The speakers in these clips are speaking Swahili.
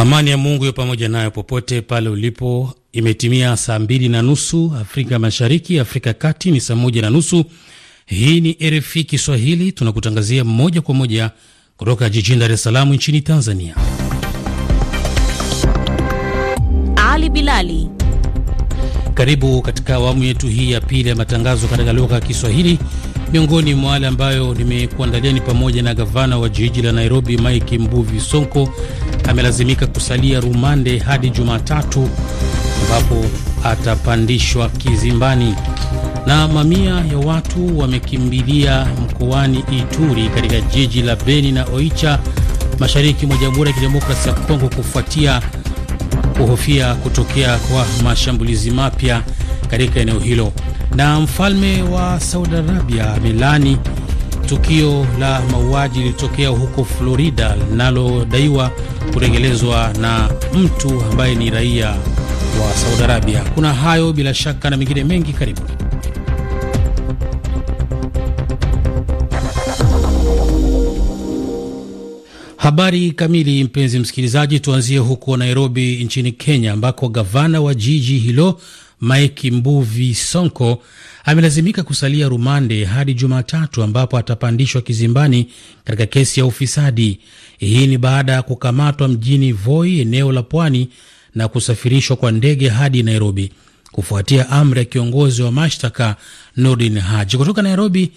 Amani ya Mungu yo pamoja nayo popote pale ulipo. Imetimia saa mbili na nusu Afrika Mashariki, Afrika Kati ni saa moja na nusu. Hii ni RFI Kiswahili, tunakutangazia moja kwa moja kutoka jijini Dar es Salaam nchini Tanzania. Ali Bilali, karibu katika awamu yetu hii ya pili ya matangazo katika lugha ya Kiswahili. Miongoni mwa wale ambayo nimekuandalia ni pamoja na gavana wa jiji la Nairobi Mike Mbuvi Sonko amelazimika kusalia rumande hadi Jumatatu ambapo atapandishwa kizimbani. Na mamia ya watu wamekimbilia mkoani Ituri katika jiji la Beni na Oicha mashariki mwa Jamhuri ya Kidemokrasia ya Kongo kufuatia kuhofia kutokea kwa mashambulizi mapya katika eneo hilo. Na mfalme wa Saudi Arabia amelani tukio la mauaji lilitokea huko Florida linalodaiwa kutekelezwa na mtu ambaye ni raia wa Saudi Arabia. Kuna hayo bila shaka na mengine mengi, karibu Habari kamili, mpenzi msikilizaji, tuanzie huko Nairobi nchini Kenya, ambako gavana wa jiji hilo Mike Mbuvi Sonko amelazimika kusalia rumande hadi Jumatatu ambapo atapandishwa kizimbani katika kesi ya ufisadi. Hii ni baada ya kukamatwa mjini Voi, eneo la pwani, na kusafirishwa kwa ndege hadi Nairobi kufuatia amri ya kiongozi wa mashtaka Nordin Haji kutoka Nairobi.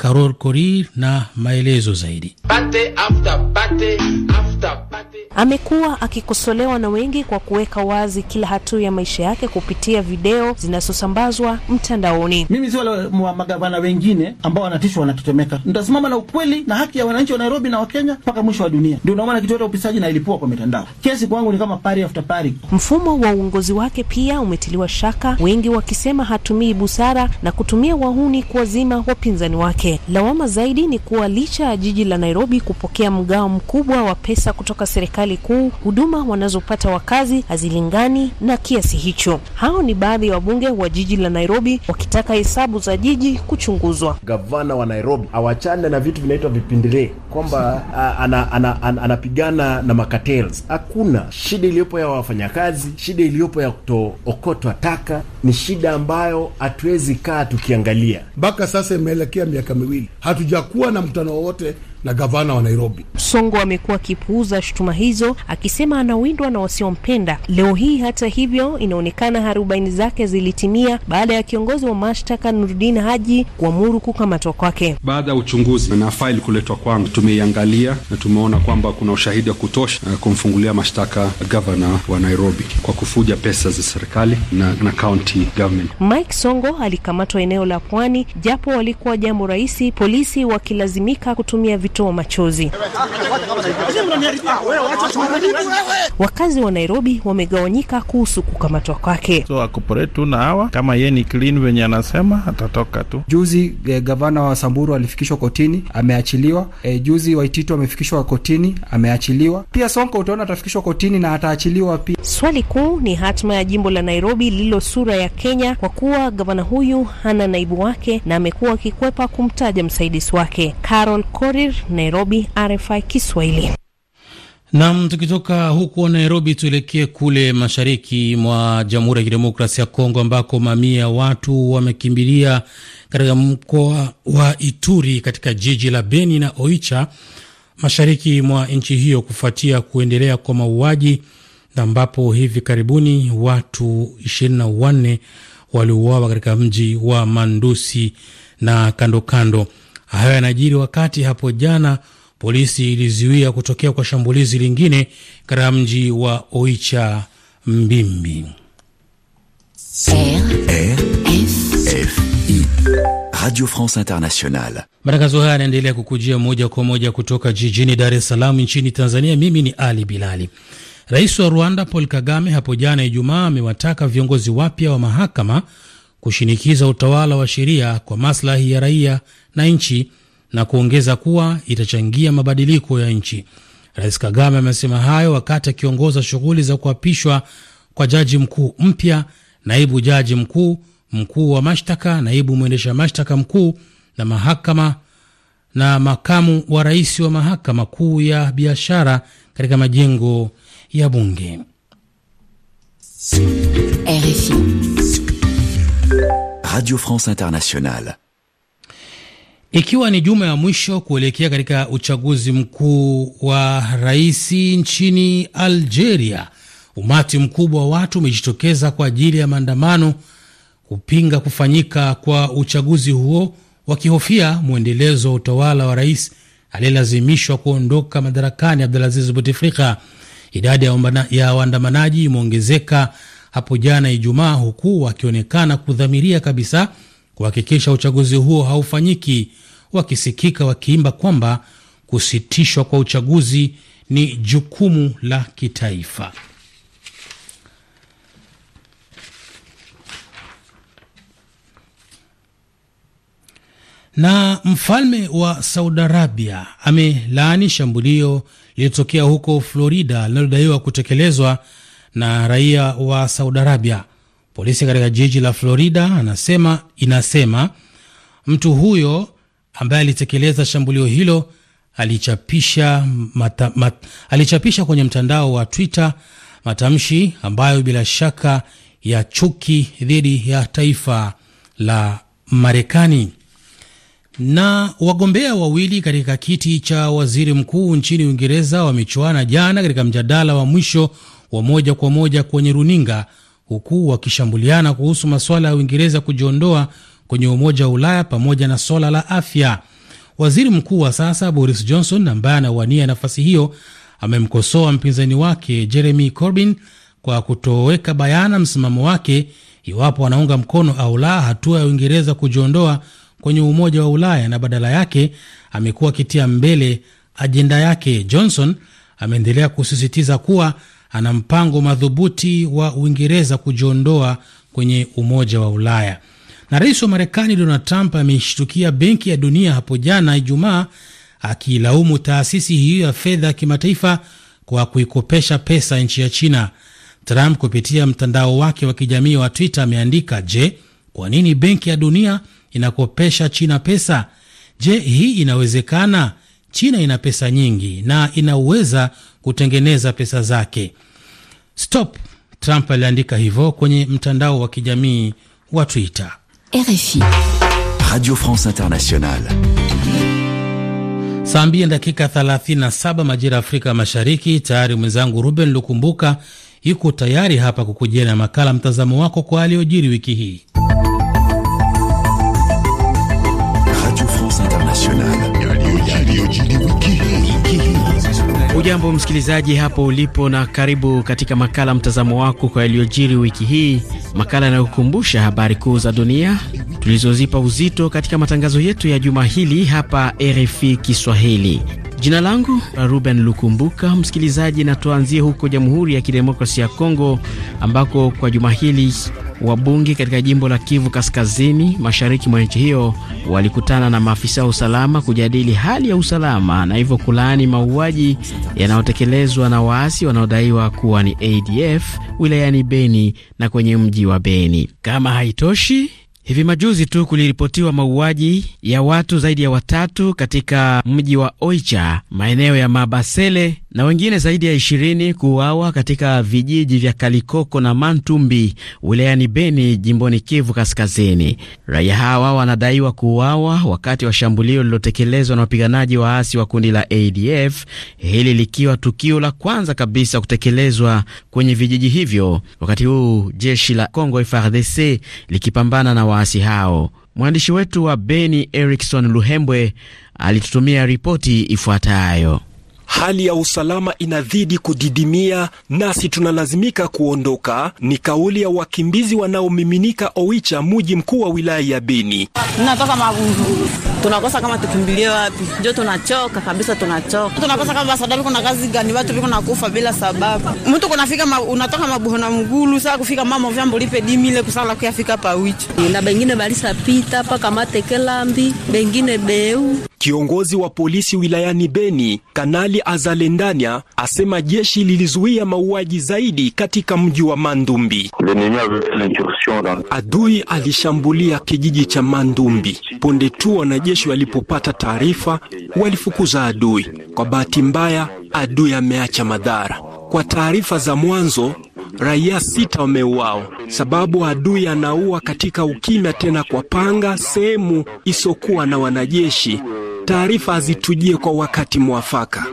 Karol Kori na maelezo zaidi. Bate after bate after bate. Amekuwa akikosolewa na wengi kwa kuweka wazi kila hatua ya maisha yake kupitia video zinazosambazwa mtandaoni. Mimi si wale magavana wengine ambao wanatishwa wanatetemeka, nitasimama na ukweli na haki ya wananchi wa Nairobi na Wakenya mpaka mwisho wa dunia. Ndio naona kitu upisaji na ilipua kwa mitandao. Kesi kwangu ni kama pari after pari. Mfumo wa uongozi wake pia umetiliwa shaka, wengi wakisema hatumii busara na kutumia wahuni kuwazima wapinzani wake wake. Lawama zaidi ni kuwa licha ya jiji la Nairobi kupokea mgao mkubwa wa pesa kutoka serikali kuu, huduma wanazopata wakazi hazilingani na kiasi hicho. Hao ni baadhi ya wabunge wa jiji la Nairobi wakitaka hesabu za jiji kuchunguzwa. Gavana wa Nairobi awachane na vitu vinaitwa vipindiree kwamba anapigana ana, ana, ana na makatels. Hakuna shida iliyopo ya wafanyakazi, shida iliyopo ya kutookotwa taka ni shida ambayo hatuwezi kaa tukiangalia. Mpaka sasa imeelekea miaka miwili. Hatujakuwa na mkutano wowote na gavana wa Nairobi. Songo amekuwa akipuuza shutuma hizo akisema anawindwa na wasiompenda. Leo hii hata hivyo, inaonekana harubaini zake zilitimia baada ya kiongozi wa mashtaka Nurudin Haji kuamuru kukamatwa kwake. Baada ya uchunguzi na faili kuletwa kwangu, tumeiangalia na tumeona kwamba kuna ushahidi wa kutosha eh, kumfungulia mashtaka gavana wa Nairobi kwa kufuja pesa za serikali na, na county government. Mike Songo alikamatwa eneo la pwani, japo walikuwa jambo rahisi, polisi wakilazimika kutumia vitoa machozi. Wakazi wa Nairobi wamegawanyika kuhusu kukamatwa kwake. So akopore tu na hawa kama ye ni clean venye anasema atatoka tu. Juzi eh, gavana wa Samburu alifikishwa kotini ameachiliwa. Eh, juzi Waititu amefikishwa kotini ameachiliwa. Pia Sonko utaona atafikishwa kotini na ataachiliwa pia. Swali kuu ni hatima ya jimbo la Nairobi lililo sura ya Kenya kwa kuwa gavana huyu hana naibu wake na amekuwa akikwepa kumtaja msaidizi wake. Carol Korir, Nairobi, RFI Kiswahili. Nam, tukitoka huko Nairobi tuelekee kule mashariki mwa Jamhuri ya Kidemokrasia ya Kongo ambako mamia ya watu wamekimbilia katika mkoa wa Ituri katika jiji la Beni na Oicha mashariki mwa nchi hiyo kufuatia kuendelea kwa mauaji, na ambapo hivi karibuni watu 24 waliuawa katika mji wa Mandusi na kandokando kando. Hayo yanajiri wakati hapo jana polisi ilizuia kutokea kwa shambulizi lingine katika mji wa Oicha Mbimbi. Radio France Internationale. Matangazo haya yanaendelea kukujia moja kwa moja kutoka jijini Dar es Salaam nchini Tanzania. Mimi ni Ali Bilali. Rais wa Rwanda Paul Kagame hapo jana Ijumaa amewataka viongozi wapya wa mahakama kushinikiza utawala wa sheria kwa maslahi ya raia na nchi na kuongeza kuwa itachangia mabadiliko ya nchi. Rais Kagame amesema hayo wakati akiongoza shughuli za kuapishwa kwa jaji mkuu mpya, naibu jaji mkuu, mkuu wa mashtaka, naibu mwendesha mashtaka mkuu na mahakama na makamu wa rais wa mahakama kuu ya biashara katika majengo ya bunge RFI. Radio France Internationale. Ikiwa ni juma ya mwisho kuelekea katika uchaguzi mkuu wa rais nchini Algeria, umati mkubwa wa watu umejitokeza kwa ajili ya maandamano kupinga kufanyika kwa uchaguzi huo, wakihofia mwendelezo wa utawala wa rais aliyelazimishwa kuondoka madarakani Abdulaziz Bouteflika. Idadi ya waandamanaji imeongezeka hapo jana Ijumaa, huku wakionekana kudhamiria kabisa kuhakikisha uchaguzi huo haufanyiki, wakisikika wakiimba kwamba kusitishwa kwa uchaguzi ni jukumu la kitaifa. Na mfalme wa Saudi Arabia amelaani shambulio lililotokea huko Florida linalodaiwa kutekelezwa na raia wa Saudi Arabia. Polisi katika jiji la Florida anasema inasema mtu huyo ambaye alitekeleza shambulio hilo alichapisha, mata, mat, alichapisha kwenye mtandao wa Twitter matamshi ambayo bila shaka ya chuki dhidi ya taifa la Marekani. Na wagombea wawili katika kiti cha waziri mkuu nchini Uingereza wamechuana jana katika mjadala wa mwisho wa moja kwa moja kwenye runinga, huku wakishambuliana kuhusu masuala ya Uingereza kujiondoa kwenye Umoja wa Ulaya pamoja na swala la afya. Waziri mkuu wa sasa Boris Johnson ambaye anawania nafasi hiyo amemkosoa mpinzani wake Jeremy Corbyn kwa kutoweka bayana msimamo wake iwapo anaunga mkono au la hatua ya Uingereza kujiondoa kwenye Umoja wa Ulaya, na badala yake amekuwa akitia mbele ajenda yake. Johnson ameendelea kusisitiza kuwa ana mpango madhubuti wa Uingereza kujiondoa kwenye Umoja wa Ulaya. Na rais wa Marekani Donald Trump ameishtukia Benki ya Dunia hapo jana Ijumaa, akiilaumu taasisi hiyo ya fedha ya kimataifa kwa kuikopesha pesa nchi ya China. Trump kupitia mtandao wake wa kijamii wa Twitter ameandika: Je, kwa nini Benki ya Dunia inakopesha China pesa? Je, hii inawezekana? China ina pesa nyingi na inaweza kutengeneza pesa zake. Stop Trump aliandika hivyo kwenye mtandao wa kijamii wa Twitter. RFI Radio France Internationale. Saa mbili dakika 37 majira ya Afrika Mashariki. Tayari mwenzangu Ruben Lukumbuka yuko tayari hapa kukujia na makala mtazamo wako kwa aliyojiri wiki hii. Ujambo msikilizaji hapo ulipo, na karibu katika makala mtazamo wako kwa yaliyojiri wiki hii, makala yanayokumbusha habari kuu za dunia tulizozipa uzito katika matangazo yetu ya juma hili hapa RFI Kiswahili. Jina langu Ruben Lukumbuka, msikilizaji, na tuanzie huko Jamhuri ya Kidemokrasia ya Kongo ambako kwa juma hili Wabunge katika jimbo la Kivu Kaskazini, mashariki mwa nchi hiyo, walikutana na maafisa wa usalama kujadili hali ya usalama na hivyo kulaani mauaji yanayotekelezwa na waasi wanaodaiwa kuwa ni ADF wilayani Beni na kwenye mji wa Beni. Kama haitoshi Hivi majuzi tu kuliripotiwa mauaji ya watu zaidi ya watatu katika mji wa Oicha, maeneo ya Mabasele, na wengine zaidi ya ishirini kuuawa katika vijiji vya Kalikoko na Mantumbi wilayani Beni, jimboni Kivu Kaskazini. Raia hawa wanadaiwa kuuawa wakati wa shambulio lililotekelezwa na wapiganaji waasi wa kundi la ADF, hili likiwa tukio la kwanza kabisa kutekelezwa kwenye vijiji hivyo, wakati huu jeshi la congo FARDC likipambana na waasi hao. Mwandishi wetu wa Beni Erikson Luhembwe alitutumia ripoti ifuatayo hali ya usalama inazidi kudidimia, nasi tunalazimika kuondoka, ni kauli ya wakimbizi wanaomiminika Oicha, muji mkuu wa wilaya ya Beni. Tunatoka Mabungulu, tunakosa kama tukimbilie wapi, njo tunachoka kabisa, tunachoka, tunakosa kama basadabi. Kuna kazi gani? Watu viko nakufa bila sababu. Mtu kunafika ma, unatoka mabuho na mgulu saa kufika mama vyambo lipe dimi ile kusala kuyafika pa pawicha na bengine balisa pita paka matekelambi bengine beu. Kiongozi wa polisi wilayani Beni kanali Kanali Azalendania asema jeshi lilizuia mauaji zaidi katika mji wa Mandumbi. Adui alishambulia kijiji cha Mandumbi. Punde tu wanajeshi walipopata taarifa, walifukuza adui. Kwa bahati mbaya, adui ameacha madhara. Kwa taarifa za mwanzo raia sita wameuawa, sababu adui anaua katika ukimya, tena kwa panga, sehemu isokuwa na wanajeshi taarifa hazitujie kwa wakati mwafaka.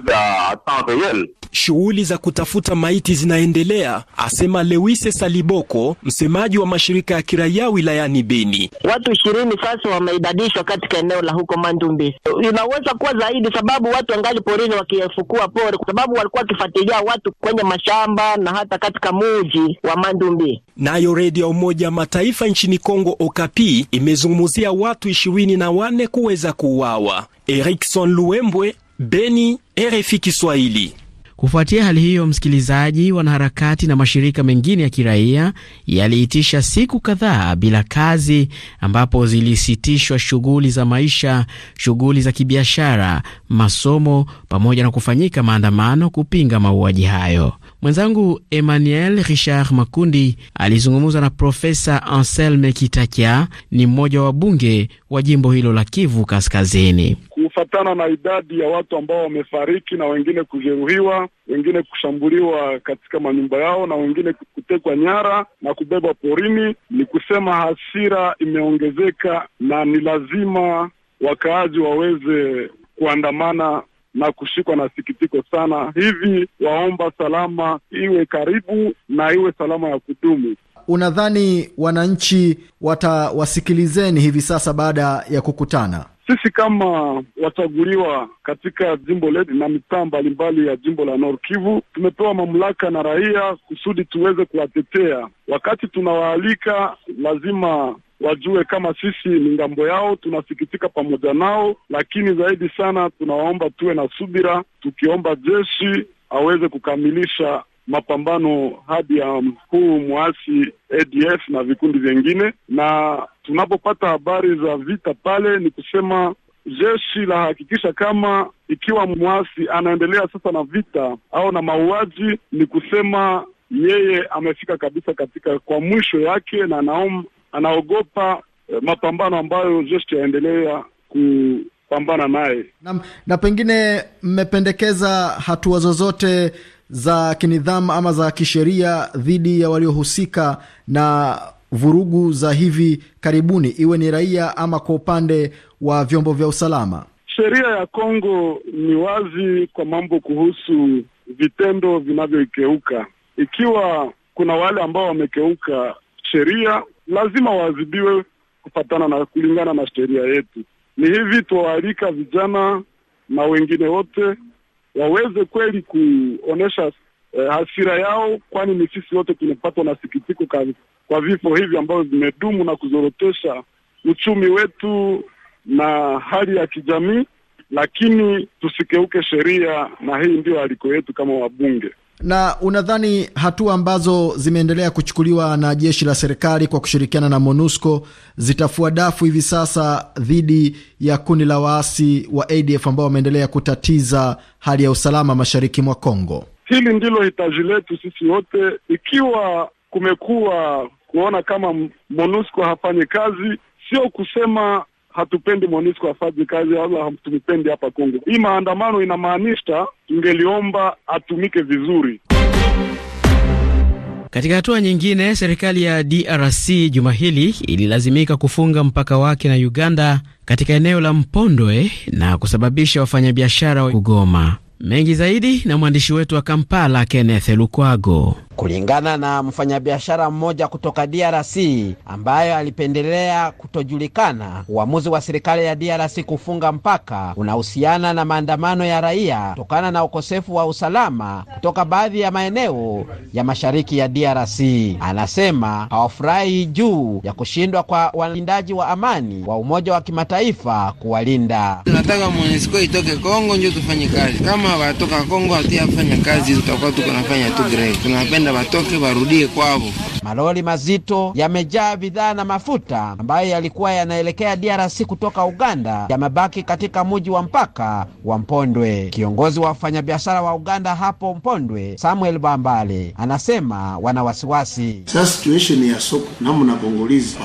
Shughuli za kutafuta maiti zinaendelea, asema Lewise Saliboko, msemaji wa mashirika ya kiraia wilayani Beni. Watu ishirini sasa wameidadishwa katika eneo la huko Mandumbi. Inaweza kuwa zaidi, sababu watu wangali porini wakifukua pori, kwa sababu walikuwa wakifuatilia watu kwenye mashamba na hata katika muji wa Mandumbi. Nayo redio ya Umoja Mataifa nchini Kongo Okapi imezungumzia watu ishirini na wane kuweza kuuawa. Erikson Luembwe, Beni, RFI Kiswahili. Kufuatia hali hiyo, msikilizaji, wanaharakati na mashirika mengine ya kiraia yaliitisha siku kadhaa bila kazi, ambapo zilisitishwa shughuli za maisha, shughuli za kibiashara, masomo, pamoja na kufanyika maandamano kupinga mauaji hayo. Mwenzangu Emmanuel Richard Makundi alizungumza na Profesa Anselme Kitakia, ni mmoja wa bunge wa jimbo hilo la Kivu Kaskazini. Kufatana na idadi ya watu ambao wamefariki na wengine kujeruhiwa, wengine kushambuliwa katika manyumba yao na wengine kutekwa nyara na kubebwa porini, ni kusema hasira imeongezeka na ni lazima wakaaji waweze kuandamana na kushikwa na sikitiko sana hivi. Waomba salama iwe karibu na iwe salama ya kudumu. Unadhani wananchi watawasikilizeni hivi sasa baada ya kukutana? Sisi kama wachaguliwa katika jimbo letu na mitaa mbalimbali ya jimbo la Nord Kivu tumepewa mamlaka na raia kusudi tuweze kuwatetea. Wakati tunawaalika lazima wajue kama sisi ni ngambo yao, tunasikitika pamoja nao, lakini zaidi sana tunawaomba tuwe na subira, tukiomba jeshi aweze kukamilisha mapambano hadi ya mkuu mwasi ADF na vikundi vyengine. Na tunapopata habari za vita pale, ni kusema jeshi la hakikisha kama ikiwa mwasi anaendelea sasa na vita au na mauaji, ni kusema yeye amefika kabisa katika kwa mwisho yake, na naomba anaogopa eh, mapambano ambayo jeshi yaendelea kupambana naye na, na pengine mmependekeza hatua zozote za kinidhamu ama za kisheria dhidi ya waliohusika na vurugu za hivi karibuni, iwe ni raia ama kwa upande wa vyombo vya usalama. Sheria ya Kongo ni wazi kwa mambo kuhusu vitendo vinavyoikeuka. Ikiwa kuna wale ambao wamekeuka sheria, lazima waadhibiwe kufatana na kulingana na sheria yetu. Ni hivi tuwaalika vijana na wengine wote waweze kweli kuonesha eh, hasira yao, kwani ni sisi wote tumepatwa na sikitiko kwa vifo hivi ambavyo vimedumu na kuzorotesha uchumi wetu na hali ya kijamii, lakini tusikeuke sheria, na hii ndio aliko yetu kama wabunge. Na unadhani hatua ambazo zimeendelea kuchukuliwa na jeshi la serikali kwa kushirikiana na MONUSCO zitafua dafu hivi sasa dhidi ya kundi la waasi wa ADF ambao wameendelea kutatiza hali ya usalama mashariki mwa Kongo? Hili ndilo hitaji letu sisi wote. Ikiwa kumekuwa kuona kama MONUSCO hafanyi kazi, sio kusema hatupendi MONUSCO afanye kazi wala hatumpendi hapa Kongo. Hii maandamano inamaanisha, tungeliomba atumike vizuri. Katika hatua nyingine, serikali ya DRC juma hili ililazimika kufunga mpaka wake na Uganda katika eneo la Mpondwe na kusababisha wafanyabiashara kugoma. Mengi zaidi na mwandishi wetu wa Kampala Kenneth Lukwago kulingana na mfanyabiashara mmoja kutoka DRC ambayo alipendelea kutojulikana. Uamuzi wa serikali ya DRC kufunga mpaka unahusiana na maandamano ya raia kutokana na ukosefu wa usalama kutoka baadhi ya maeneo ya mashariki ya DRC. Anasema hawafurahi juu ya kushindwa kwa walindaji wa amani wa Umoja wa Kimataifa kuwalinda. Tunataka MONUSCO itoke Kongo njo tufanye kazi, kama watoka Kongo hatuyafanya kazi, tutakuwa tuko nafanya tu greve tunapenda wanaenda watoke warudie kwao. Malori mazito yamejaa bidhaa na mafuta ambayo yalikuwa yanaelekea DRC kutoka Uganda yamebaki katika muji wa mpaka wa Mpondwe. Kiongozi wa wafanyabiashara wa Uganda hapo Mpondwe, Samuel Bambale, anasema wana wasiwasi. Sasa situation ya soko namu na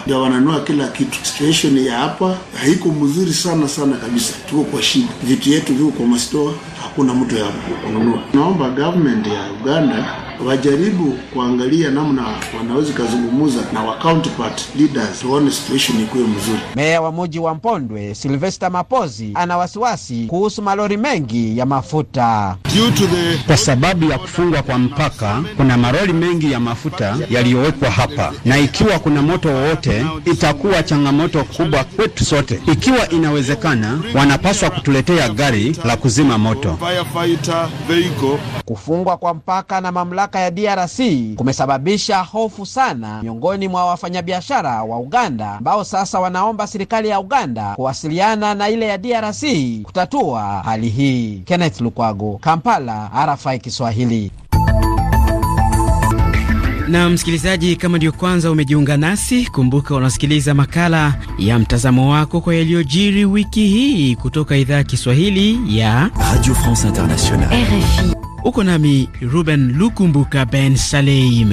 ndio wananua kila kitu. Situation ya hapa haiko mzuri sana sana kabisa, tuko kwa shida, vitu yetu viko kwa mastoa, hakuna mtu ya kununua. Naomba government ya Uganda wajaribu kuangalia namna wanaweza kuzungumza na wa counterpart leaders tuone situation ikuwe mzuri. Meya wa mji wa Mpondwe Sylvester Mapozi ana wasiwasi kuhusu malori mengi ya mafuta Due to the... kwa sababu ya kufungwa kwa mpaka, kuna malori mengi ya mafuta yaliyowekwa hapa, na ikiwa kuna moto wowote itakuwa changamoto kubwa kwetu sote. Ikiwa inawezekana, wanapaswa kutuletea gari la kuzima moto. Kufungwa kwa mpaka na mamlaka mipaka ya DRC kumesababisha hofu sana miongoni mwa wafanyabiashara wa Uganda ambao sasa wanaomba serikali ya Uganda kuwasiliana na ile ya DRC kutatua hali hii. Kenneth Lukwago, Kampala, RFI Kiswahili. Na msikilizaji, kama ndiyo kwanza umejiunga nasi, kumbuka unasikiliza makala ya mtazamo wako kwa yaliyojiri wiki hii kutoka idhaa ya Kiswahili ya Radio France Internationale, RFI. Uko nami Ruben Lukumbuka Ben Saleim.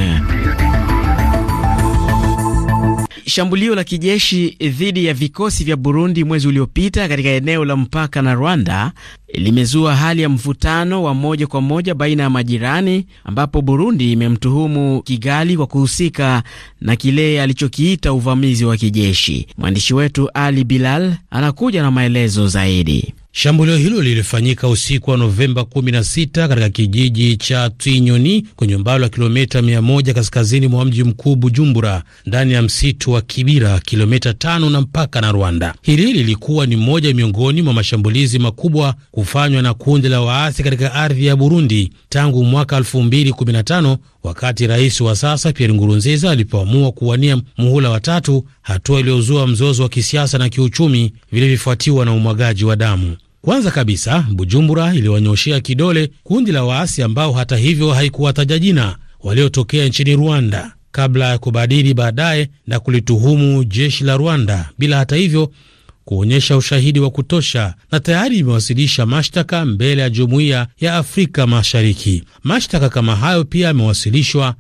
Shambulio la kijeshi dhidi ya vikosi vya Burundi mwezi uliopita katika eneo la mpaka na Rwanda limezua hali ya mvutano wa moja kwa moja baina ya majirani, ambapo Burundi imemtuhumu Kigali kwa kuhusika na kile alichokiita uvamizi wa kijeshi. Mwandishi wetu Ali Bilal anakuja na maelezo zaidi. Shambulio hilo lilifanyika usiku wa Novemba 16 katika kijiji cha Twinyoni kwenye umbali wa kilomita 100 kaskazini mwa mji mkuu Bujumbura, ndani ya msitu wa Kibira, kilomita 5 na mpaka na Rwanda. Hili lilikuwa ni moja miongoni mwa mashambulizi makubwa kufanywa na kundi la waasi katika ardhi ya Burundi tangu mwaka 2015 wakati rais wa sasa Pierre Ngurunziza alipoamua kuwania muhula watatu, hatua iliyozua mzozo wa kisiasa na kiuchumi vilivyofuatiwa na umwagaji wa damu. Kwanza kabisa, Bujumbura iliwanyoshea kidole kundi la waasi ambao hata hivyo haikuwataja jina, waliotokea nchini Rwanda kabla ya kubadili baadaye na kulituhumu jeshi la Rwanda bila hata hivyo kuonyesha ushahidi wa kutosha, na tayari imewasilisha mashtaka mbele ya jumuiya ya Afrika Mashariki. Mashtaka kama hayo pia yamewasilishwa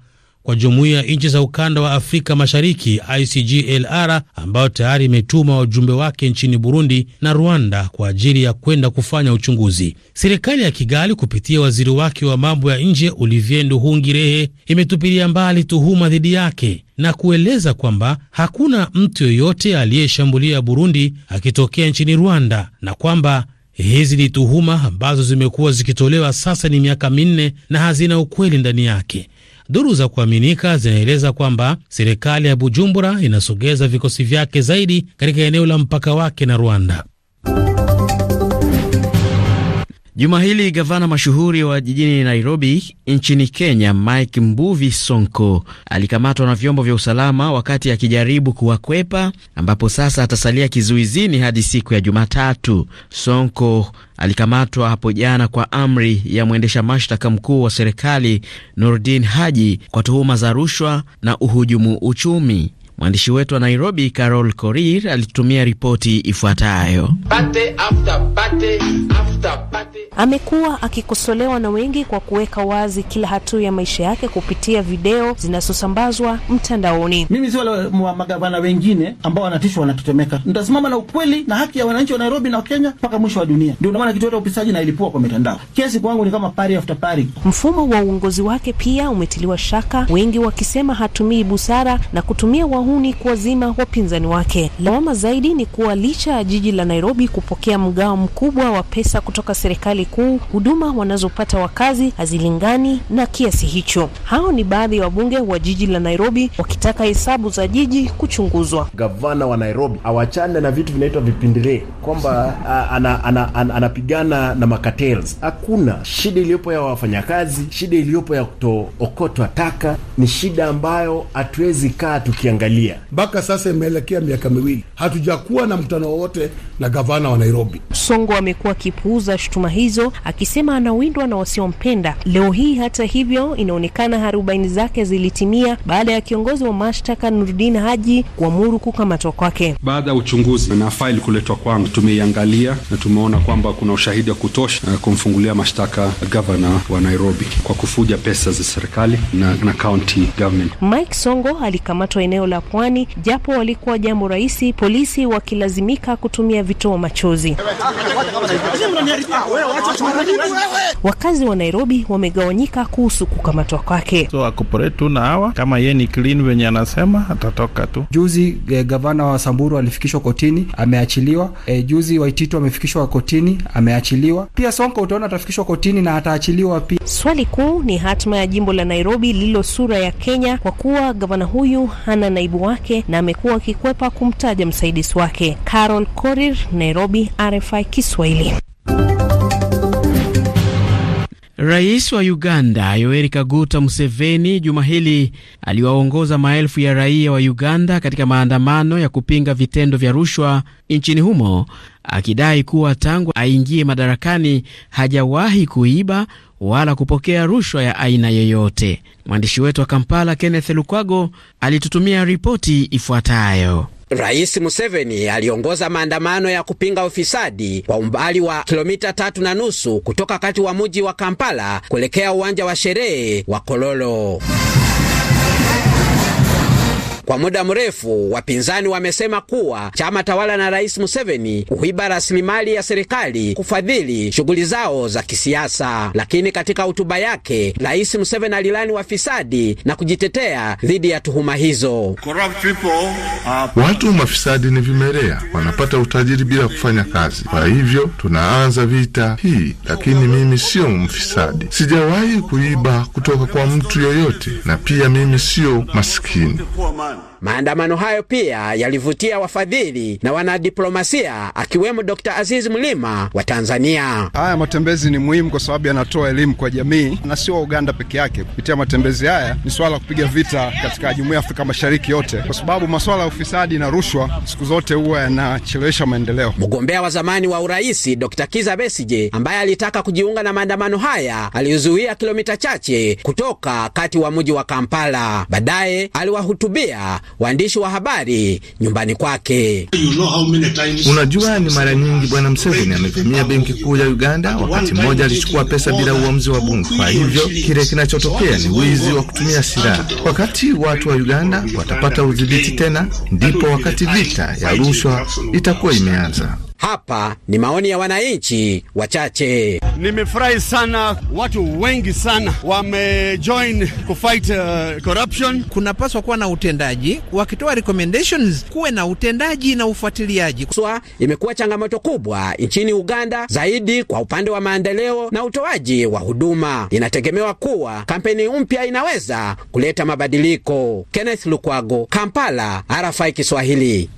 kwa jumuiya ya nchi za ukanda wa Afrika Mashariki ICGLR ambayo tayari imetuma wajumbe wake nchini Burundi na Rwanda kwa ajili ya kwenda kufanya uchunguzi. Serikali ya Kigali kupitia waziri wake wa mambo ya nje Olivier Nduhungirehe imetupilia mbali tuhuma dhidi yake na kueleza kwamba hakuna mtu yoyote aliyeshambulia Burundi akitokea nchini Rwanda na kwamba hizi ni tuhuma ambazo zimekuwa zikitolewa sasa ni miaka minne na hazina ukweli ndani yake. Duru za kuaminika zinaeleza kwamba serikali ya Bujumbura inasogeza vikosi vyake zaidi katika eneo la mpaka wake na Rwanda. Juma hili gavana mashuhuri wa jijini Nairobi nchini Kenya, Mike Mbuvi Sonko alikamatwa na vyombo vya usalama wakati akijaribu kuwakwepa, ambapo sasa atasalia kizuizini hadi siku ya Jumatatu. Sonko alikamatwa hapo jana kwa amri ya mwendesha mashtaka mkuu wa serikali Nordin Haji kwa tuhuma za rushwa na uhujumu uchumi. Mwandishi wetu wa Nairobi, Carol Korir, alitumia ripoti ifuatayo. Amekuwa akikosolewa na wengi kwa kuweka wazi kila hatua ya maisha yake kupitia video zinazosambazwa mtandaoni. Mimi si wale magavana wengine ambao wanatishwa, wanatetemeka. Nitasimama na ukweli na haki ya wananchi wa Nairobi na Wakenya mpaka mwisho wa dunia. Ndio maana kitu upisaji na ilipua kwa mitandao. Kesi kwangu ni kama pari after pari. Mfumo wa uongozi wake pia umetiliwa shaka, wengi wakisema hatumii busara na kutumia wa wahuni kuwazima wapinzani wake. Lawama zaidi ni kuwa licha ya jiji la Nairobi kupokea mgao mkubwa wa pesa kutoka serikali kuu, huduma wanazopata wakazi hazilingani na kiasi hicho. Hao ni baadhi ya wabunge wa jiji la Nairobi wakitaka hesabu za jiji kuchunguzwa. Gavana wa Nairobi awachane na vitu vinaitwa vipindiree, kwamba anapigana ana, ana, ana na makatels. Hakuna shida iliyopo ya wafanyakazi, shida iliyopo ya kutookotwa taka ni shida ambayo hatuwezi kaa tukiangalia familia. Mpaka sasa imeelekea miaka miwili, hatujakuwa na mkutano wowote na gavana wa Nairobi. Songo amekuwa akipuuza shutuma hizo, akisema anawindwa na wasiompenda. Leo hii hata hivyo, inaonekana harubaini zake zilitimia baada ya kiongozi wa mashtaka Nurudin Haji kuamuru kukamatwa kwake. Baada ya uchunguzi na faili kuletwa kwangu, tumeiangalia na tumeona kwamba kuna ushahidi wa kutosha eh, kumfungulia mashtaka gavana wa Nairobi kwa kufuja pesa za serikali na, na county government. Mike Songo alikamatwa eneo la Pwani, japo walikuwa jambo rahisi, polisi wakilazimika kutumia vitoa machozi. Wakazi wa Nairobi wamegawanyika kuhusu kukamatwa kwake. So akupore tu na hawa kama ye ni clean venye anasema atatoka tu. Juzi eh, gavana wa Samburu alifikishwa kotini ameachiliwa. Eh, juzi Waititu amefikishwa kotini ameachiliwa. Pia Sonko utaona atafikishwa kotini na ataachiliwa pia. Swali kuu ni hatima ya jimbo la Nairobi lililo sura ya Kenya kwa kuwa gavana huyu hana naibu naibu wake na amekuwa akikwepa kumtaja msaidizi wake. Carol Korir, Nairobi, RFI Kiswahili. Rais wa Uganda Yoweri Kaguta Museveni juma hili aliwaongoza maelfu ya raia wa Uganda katika maandamano ya kupinga vitendo vya rushwa nchini humo, akidai kuwa tangu aingie madarakani hajawahi kuiba wala kupokea rushwa ya aina yoyote. Mwandishi wetu wa Kampala Kenneth Lukwago alitutumia ripoti ifuatayo. Rais Museveni aliongoza maandamano ya kupinga ufisadi kwa umbali wa kilomita tatu na nusu kutoka kati wa muji wa Kampala kuelekea uwanja wa sherehe wa Kololo. Kwa muda mrefu wapinzani wamesema kuwa chama tawala na Rais Museveni huiba rasilimali ya serikali kufadhili shughuli zao za kisiasa, lakini katika hotuba yake Rais Museveni alilani wafisadi na kujitetea dhidi ya tuhuma hizo. Watu mafisadi ni vimelea, wanapata utajiri bila kufanya kazi. Kwa hivyo tunaanza vita hii, lakini mimi sio mfisadi, sijawahi kuiba kutoka kwa mtu yoyote, na pia mimi sio maskini. Maandamano hayo pia yalivutia wafadhili na wanadiplomasia akiwemo Dr. Aziz Mlima wa Tanzania. Haya matembezi ni muhimu kwa sababu yanatoa elimu kwa jamii na sio Uganda peke yake. Kupitia matembezi haya ni swala la kupiga vita katika Jumuiya ya Afrika Mashariki yote, kwa sababu masuala ya ufisadi na rushwa siku zote huwa yanachelewesha maendeleo. Mgombea wa zamani wa urais Dr. Kiza Besije ambaye alitaka kujiunga na maandamano haya alizuia kilomita chache kutoka kati wa mji wa Kampala. Baadaye aliwahutubia waandishi wa habari nyumbani kwake. Unajua, ni mara nyingi Bwana Mseveni amevamia benki kuu ya Uganda. Wakati mmoja alichukua pesa bila uamuzi wa bunge. Kwa hivyo kile kinachotokea ni wizi wa kutumia silaha. Wakati watu wa Uganda watapata udhibiti tena, ndipo wakati vita ya rushwa itakuwa imeanza. Hapa ni maoni ya wananchi wachache. Nimefurahi sana, watu wengi sana wamejoin kufight uh, corruption. Kunapaswa kuwa na utendaji, wakitoa recommendations kuwe na utendaji na ufuatiliaji. Swa imekuwa changamoto kubwa nchini Uganda, zaidi kwa upande wa maendeleo na utoaji wa huduma. Inategemewa kuwa kampeni mpya inaweza kuleta mabadiliko. Kenneth Lukwago, Kampala, RFI Kiswahili.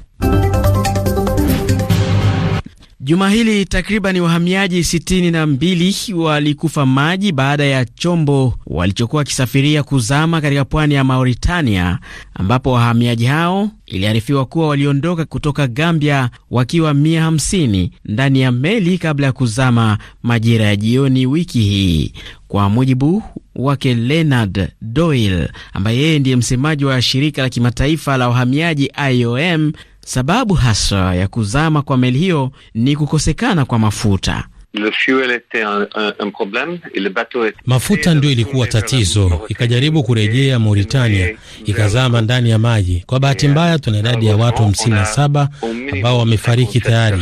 Juma hili takriban wahamiaji sitini na mbili walikufa maji baada ya chombo walichokuwa wakisafiria kuzama katika pwani ya Mauritania, ambapo wahamiaji hao iliarifiwa kuwa waliondoka kutoka Gambia wakiwa 50 ndani ya meli kabla ya kuzama majira ya jioni wiki hii, kwa mujibu wake Leonard Doyle ambaye yeye ndiye msemaji wa shirika la kimataifa la wahamiaji IOM Sababu haswa ya kuzama kwa meli hiyo ni kukosekana kwa mafuta. Le fuel était un, un, un problème, le bateau était... mafuta ndio ilikuwa tatizo, ikajaribu kurejea Mauritania ikazama ndani ya maji. Kwa bahati mbaya, tuna idadi ya watu hamsini na saba ambao wamefariki tayari.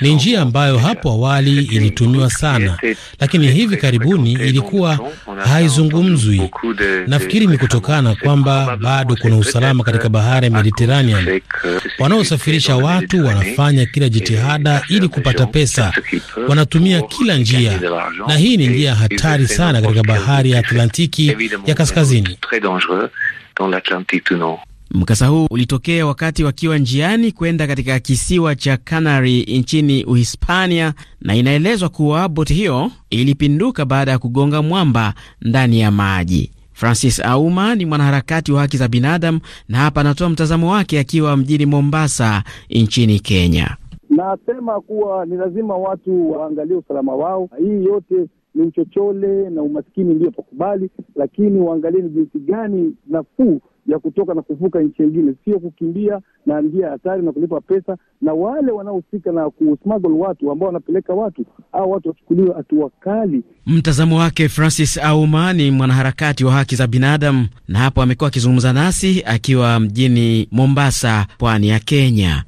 Ni njia ambayo hapo awali ilitumiwa sana, lakini hivi karibuni ilikuwa haizungumzwi. Nafikiri ni kutokana kwamba bado kuna usalama katika bahari ya mediteranean Wanaosafirisha watu wanafanya kila jitihada ili kupata pesa, wanatumia kutumia kila njia, na hii ni njia hatari sana katika bahari ya Atlantiki ya kaskazini. Mkasa huu ulitokea wakati wakiwa njiani kwenda katika kisiwa cha Canary nchini Uhispania, na inaelezwa kuwa boti hiyo ilipinduka baada ya kugonga mwamba ndani ya maji. Francis Auma ni mwanaharakati wa haki za binadamu na hapa anatoa mtazamo wake akiwa mjini Mombasa nchini Kenya. Nasema kuwa ni lazima watu waangalie usalama wao. Hii yote ni mchochole na umaskini ndio pakubali, lakini waangalie ni jinsi gani nafuu ya kutoka na kuvuka nchi nyingine, sio kukimbia na njia hatari na kulipa pesa. Na wale wanaohusika na kusmuggle watu ambao wanapeleka watu au watu wachukuliwe hatua kali. Mtazamo wake Francis Auma ni mwanaharakati wa haki za binadamu, na hapo amekuwa akizungumza nasi akiwa mjini Mombasa, pwani ya Kenya.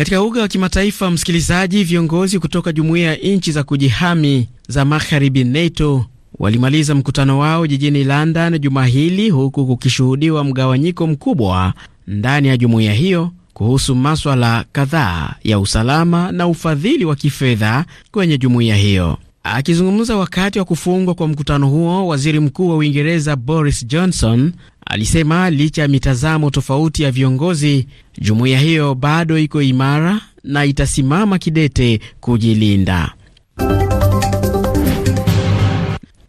Katika uga wa kimataifa, msikilizaji, viongozi kutoka jumuiya ya nchi za kujihami za magharibi NATO walimaliza mkutano wao jijini London juma hili, huku kukishuhudiwa mgawanyiko mkubwa ndani ya jumuiya hiyo kuhusu maswala kadhaa ya usalama na ufadhili wa kifedha kwenye jumuiya hiyo. Akizungumza wakati wa kufungwa kwa mkutano huo, waziri mkuu wa Uingereza Boris Johnson alisema licha ya mitazamo tofauti ya viongozi, jumuiya hiyo bado iko imara na itasimama kidete kujilinda.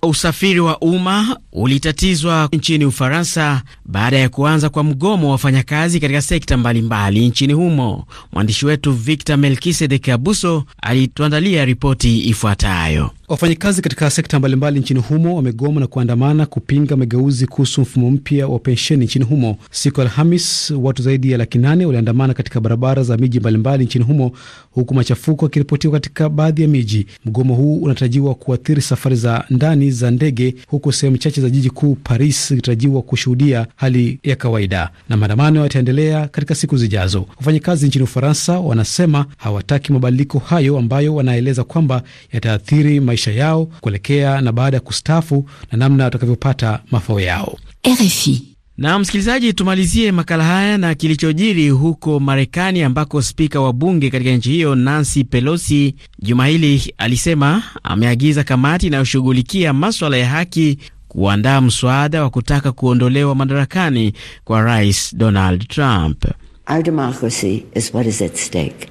Usafiri wa umma ulitatizwa nchini Ufaransa baada ya kuanza kwa mgomo wa wafanyakazi katika sekta mbalimbali nchini humo. Mwandishi wetu Victor Melkisedek Abuso alituandalia ripoti ifuatayo wafanyakazi katika sekta mbalimbali nchini humo wamegoma na kuandamana kupinga mageuzi kuhusu mfumo mpya wa pensheni nchini humo. Siku ya Alhamis, watu zaidi ya laki nane waliandamana katika barabara za miji mbalimbali nchini humo, huku machafuko yakiripotiwa katika baadhi ya miji. Mgomo huu unatarajiwa kuathiri safari za ndani za ndege, huku sehemu chache za jiji kuu Paris ikitarajiwa kushuhudia hali ya kawaida, na maandamano yataendelea katika siku zijazo. Wafanyakazi nchini Ufaransa wanasema hawataki mabadiliko hayo ambayo wanaeleza kwamba yataathiri maisha maisha yao kuelekea na baada ya kustafu na namna watakavyopata mafao yao. RFI. Na msikilizaji, tumalizie makala haya na kilichojiri huko Marekani, ambako spika wa bunge katika nchi hiyo Nancy Pelosi juma hili alisema ameagiza kamati inayoshughulikia maswala ya haki kuandaa mswada wa kutaka kuondolewa madarakani kwa Rais Donald Trump. Our democracy is what is at stake.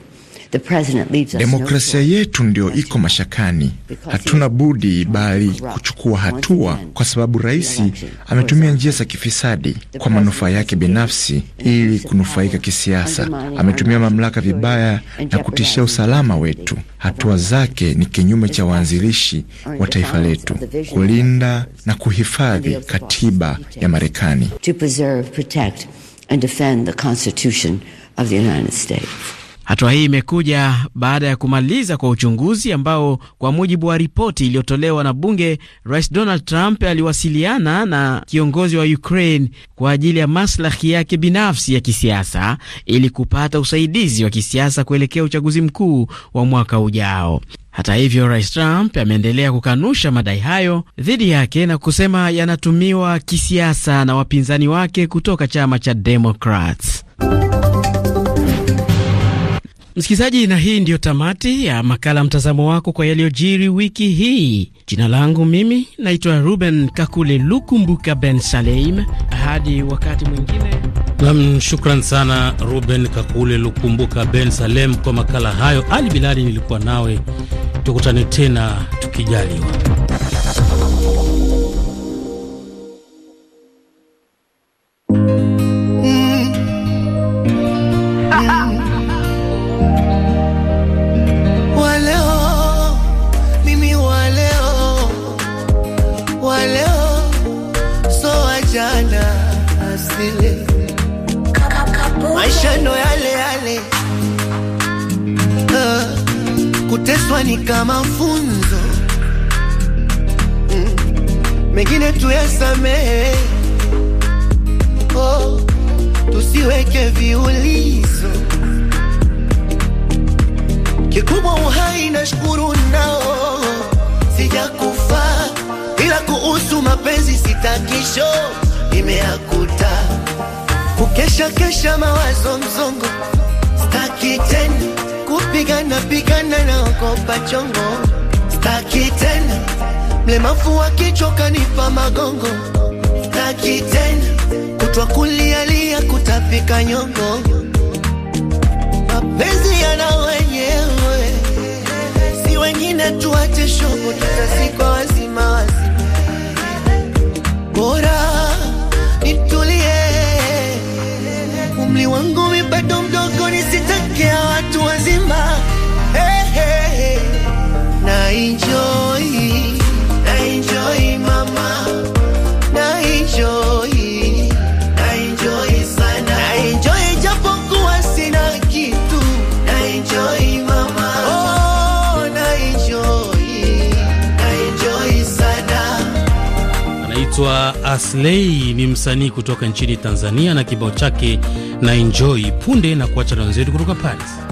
Demokrasia yetu ndio iko mashakani. Hatuna budi bali kuchukua hatua, kwa sababu rais ametumia njia za kifisadi kwa manufaa yake binafsi ili kunufaika kisiasa. Ametumia mamlaka vibaya na kutishia usalama wetu. Hatua zake ni kinyume cha waanzilishi wa taifa letu, kulinda na kuhifadhi katiba ya Marekani. Hatua hii imekuja baada ya kumaliza kwa uchunguzi ambao kwa mujibu wa ripoti iliyotolewa na bunge, Rais Donald Trump aliwasiliana na kiongozi wa Ukraine kwa ajili ya maslahi yake binafsi ya kisiasa ili kupata usaidizi wa kisiasa kuelekea uchaguzi mkuu wa mwaka ujao. Hata hivyo, Rais Trump ameendelea kukanusha madai hayo dhidi yake na kusema yanatumiwa kisiasa na wapinzani wake kutoka chama cha Democrats. Msikilizaji, na hii ndiyo tamati ya makala mtazamo wako kwa yaliyojiri wiki hii. Jina langu mimi naitwa Ruben Kakule Lukumbuka Ben Saleim. Hadi wakati mwingine. Nam, shukran sana Ruben Kakule Lukumbuka Ben Salem kwa makala hayo. Ali Bilali nilikuwa nawe, tukutane tena tukijaliwa. mlemavu akichoka nipa magongo, taki tena kutwa kulialia kutapika nyongo, mapenzi yana wenyewe, si wengine tuwate shogo, tutasikwa wazima wazima, bora nitulie, umri wangu mi bado mdogo, nisitakia watu wazima, hey, hey, hey. na inji anaitwa Asley, ni msanii kutoka nchini Tanzania na kibao chake na enjoy punde, na kuacha na wenzetu kutoka Paris.